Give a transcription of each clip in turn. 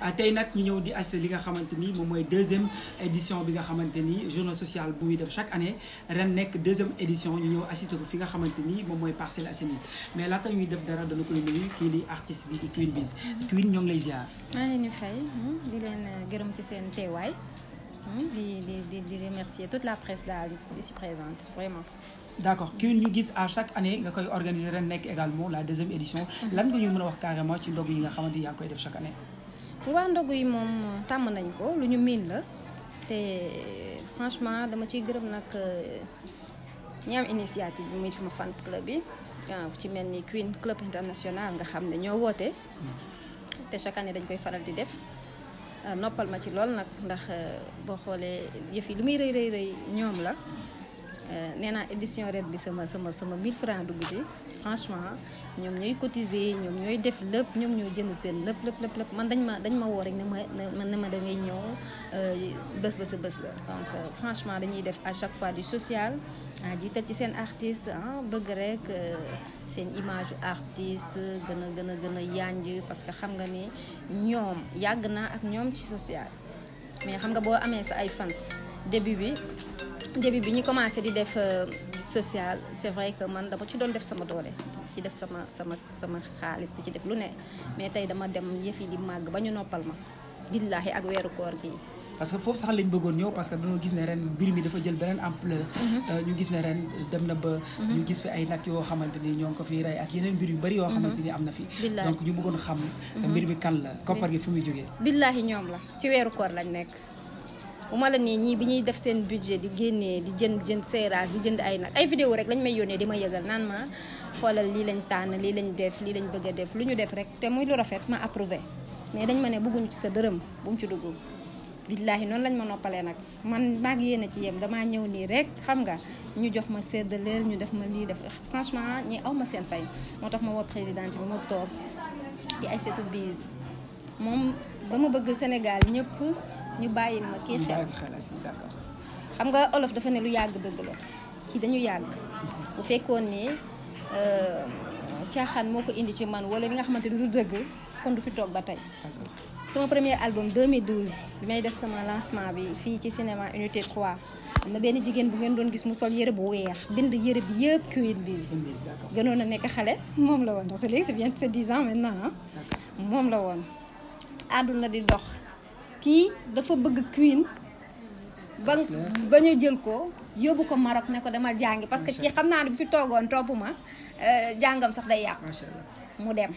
Ah, tey nag ñu ñëw di assister li nga xamante ni moom mooy deuxième édition bi nga xamante ni journée sociale bu muy def chaque année ren nekk deuxième édition ñu ñëw assister ko fi nga xamante ni moom mooy Parcelles Assainies mais laata ñuy def dara dana kii di artiste bi di Queen lay ziar. maa ngi leen hmm, euh, gërëm ci seen teewaay hmm, di di di di remercier toute la presse daal ici présente vraiment. d' accord ki ñu gis à chaque année nga koy organiser ren nekk également la deuxième édition. Mm-hmm. lan nga ñu mën a wax carrément ci ndog yi nga xamante ni yaa ngi def chaque année. waaw ndogu yi moom tàmm nañ ko lu ñu miin la te franchement dama ciy gërëm nag euh, ñi am initiative bi muy sama fan club bi waaw ci mel ni Queen Club International nga xam ne ñoo woote. te chaque année dañ koy faral di def euh, noppal ma ci lool nag ndax euh, boo xoolee yëf yi lu muy rëy rëy rëy ñoom la. Euh, nee naa édition ren bi sama sama sama 1000 francs dugg ci franchement ñoom ñooy cotiser ñoom ñooy def lépp ñoom ñoo jënd seen lépp lépp lépp lépp man dañ ma dañ ma woo rek ne ma man ne ma da ngay ñëw euh, bés ba sa bés la donc euh, franchement dañuy def à chaque fois du social ah jiital ci seen artiste ah bëgg rek seen image artiste gën a gën a gën a yànj parce que xam nga ni ñoom yàgg naa ak ñoom ci social mais xam nga boo amee sa ay fans début bi début bi ñu commencé di def euh, social c'est vrai que man dama ci doon def sama doole ci def sama sama sama xaalis di ci def lu ne mais tey dama dem yëf di màgg ba ñu noppal ma billaahi ak weeru koor gi parce que foofu sax lañ bëggoon ñëw parce que dañoo gis ne ren mbir mi dafa jël beneen ampleur mhm. euh, ñu gis ne ren dem na ba mhm. ñu gis fi ay nag yoo xamante ni ñoo ngi ko fi rey ak yeneen mbir yu bëri yoo mhm. xamante ni am na fi donc ñu bëggoon xam mbir mi kan la koppar gi fi muy jógee billaahi ñoom la ci weeru koor lañ nekk bu ma la nee ñii bi ñuy def seen budget di génnee di jënd jënd seerage di jënd ay nag ay vidéo rek lañ may yónnee di ma yëgal naan ma xoolal lii lañ tànn lii lañ def lii lañ bëgg a def lu ñu def rek te muy lu rafet ma approuvé mais dañ ma ne ci sa dërëm bu mu ci dugg billaahi noonu lañ ma noppalee nag man maa ngi yéen ci yem damaa ñëw nii rek xam nga ñu jox ma séddaleel ñu def ma lii def franchement ñi aw ma seen fay moo tax ma woo présidente bi mu toog di Aïssatou Biz moom dama bëgg Sénégal ñëpp ñu bàyyil ma kii xel xam nga olof dafa ne lu yàgg dëgg la kii dañu yàgg bu fekkoon nii euh, caaxaan moo ko indi ci man wala li nga xamante ni du dëgg kon du fi toog ba tey sama premier album 2012 bi may def sama lancement bi fii ci cinéma unité 3 am na benn jigéen bu ngeen doon gis mu sol yëre bu weex bind yëre bi yëpp Queen Biz gënoon a nekk xale moom la woon parce que léegi c'est bien c'est 10 ans ah. moom la woon àdduna di dox kii dafa bëgg Queen ba ba jël ko yóbbu ko Maroc ne ko dama jàngi parce que kii xam naa ne bu fi toogoon topp ma euh, jàngam sax day yàqu mu dem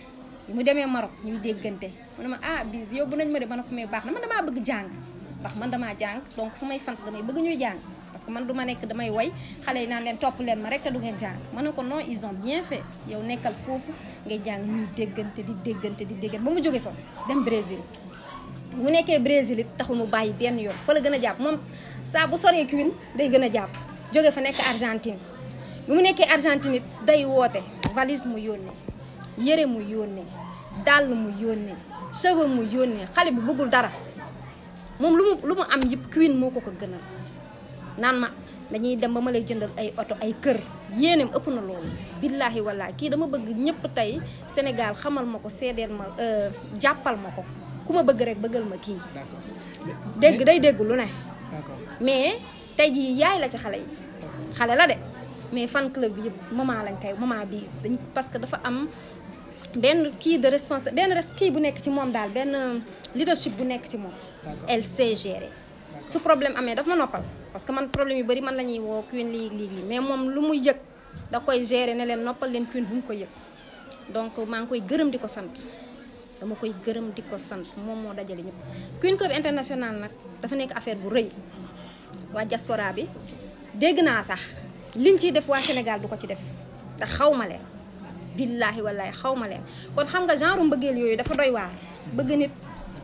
mu demee Maroc ñuy déggante mu ne ma ah bis yóbbu nañ ma de ma ne ko may baax na man damaa bëgg jàng ndax man damaa jàng donc samay fans damay bëgg ñuy jàng parce que man du ma nekk damay way xale yi naan leen topp leen ma rek du ngeen jàng ma na ko non ison ont bien fait yow nekkal foofu ngay jàng ñuy déggante di déggante di déggante ba mu jógee fa dem Brésil mu nekkee Brésil it taxul mu bàyyi benn yoon fa la gën a jàpp moom saa bu soree kiwin day gën a jàpp jóge fa nekk Argentine bi mu nekkee Argentine it day woote valise mu yónnee yére mu yónnee dàll mu yónnee cheveux mu yónnee xale bi bëggul dara moom lu mu lu mu am yëpp kiwin moo ko ko gënal naan ma dañuy dem ba ma lay jëndal ay oto ay kër yéeneem ëpp na loolu billaahi wallaahi kii dama bëgg ñëpp tey Sénégal xamal ma ko seedeel ma euh, jàppal ma ko ku ma bëgg rek bëggal ma kii. dégg day dégg lu ne. mais tey jii yaay la ci xale yi. xale la de mais fan club yëpp maman lañ koy maman bii dañ parce que dafa am benn kii de responsa benn kii bu nekk ci moom daal benn leadership bu nekk ci moom. elle sait gérer. su problème amee daf ma noppal parce que man problème yu bëri man la ñuy woo Queen lii lii mais moom lu muy yëg da koy gérer ne leen noppal leen Queen bu mu ko yëg donc maa ngi koy gërëm di ko sant. dama koy gërëm di ko sant moom moo dajale ñëpp Queen Club International nag dafa nekk affaire bu rëy waa diaspora bi dégg naa sax liñ ciy def waa Sénégal bu ko ci def te xaw ma leen billaahi wallaahi xaw ma leen kon xam nga genre mbëggeel yooyu dafa doy waa bëgg nit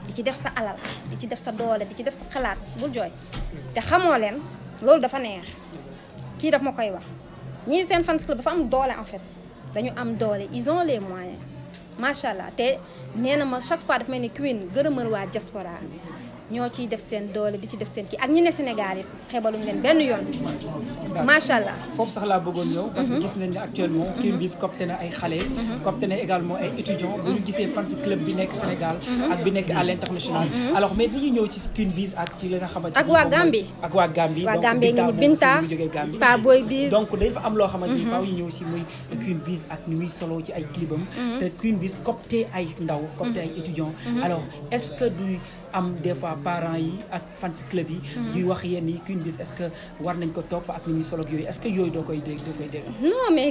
di ci def sa alal di ci def sa doole di ci def sa xalaat bul jooy te xamoo leen loolu dafa neex kii daf ma koy wax ñii seen fans club dafa am doole en fait dañu am doole ils ont les moyens macha allah te nee na ma chaque fois ni may ne Queen gërëmal waa diaspora ñoo ciy def seen doole di ci def seen kii ak ñi ne Sénégal it xebaluñ leen benn yoon. macha allah foofu sax laa bëggoon ñëw. parce que mhm. gis nañ ne actuellement. Mhm. Kirbis copte ay xale. Mhm. copte na également ay étudiants. bu ñu gisee fans club bi nekk Sénégal. ak bi nekk à l' international. alors mais dañuy ñëw ci Kirbis ak ci li nga xamante ak waa Gambie ak waa Gambie. waa Gambie ngi ni Binta Pa Boy am loo xamante ni faaw ñu ñëw si muy Kirbis ak ni muy solo ci ay clipam. te Kirbis ay ndaw. copte ay étudiants. alors est ce que du am des fois parents yi ak fans club yi. Mm. yuy wax yenn yi Queen Biz est-ce que war nañ ko topp ak ni muy solo ak yooyu est que yooyu doo koy dégg doo koy dégg. non mais.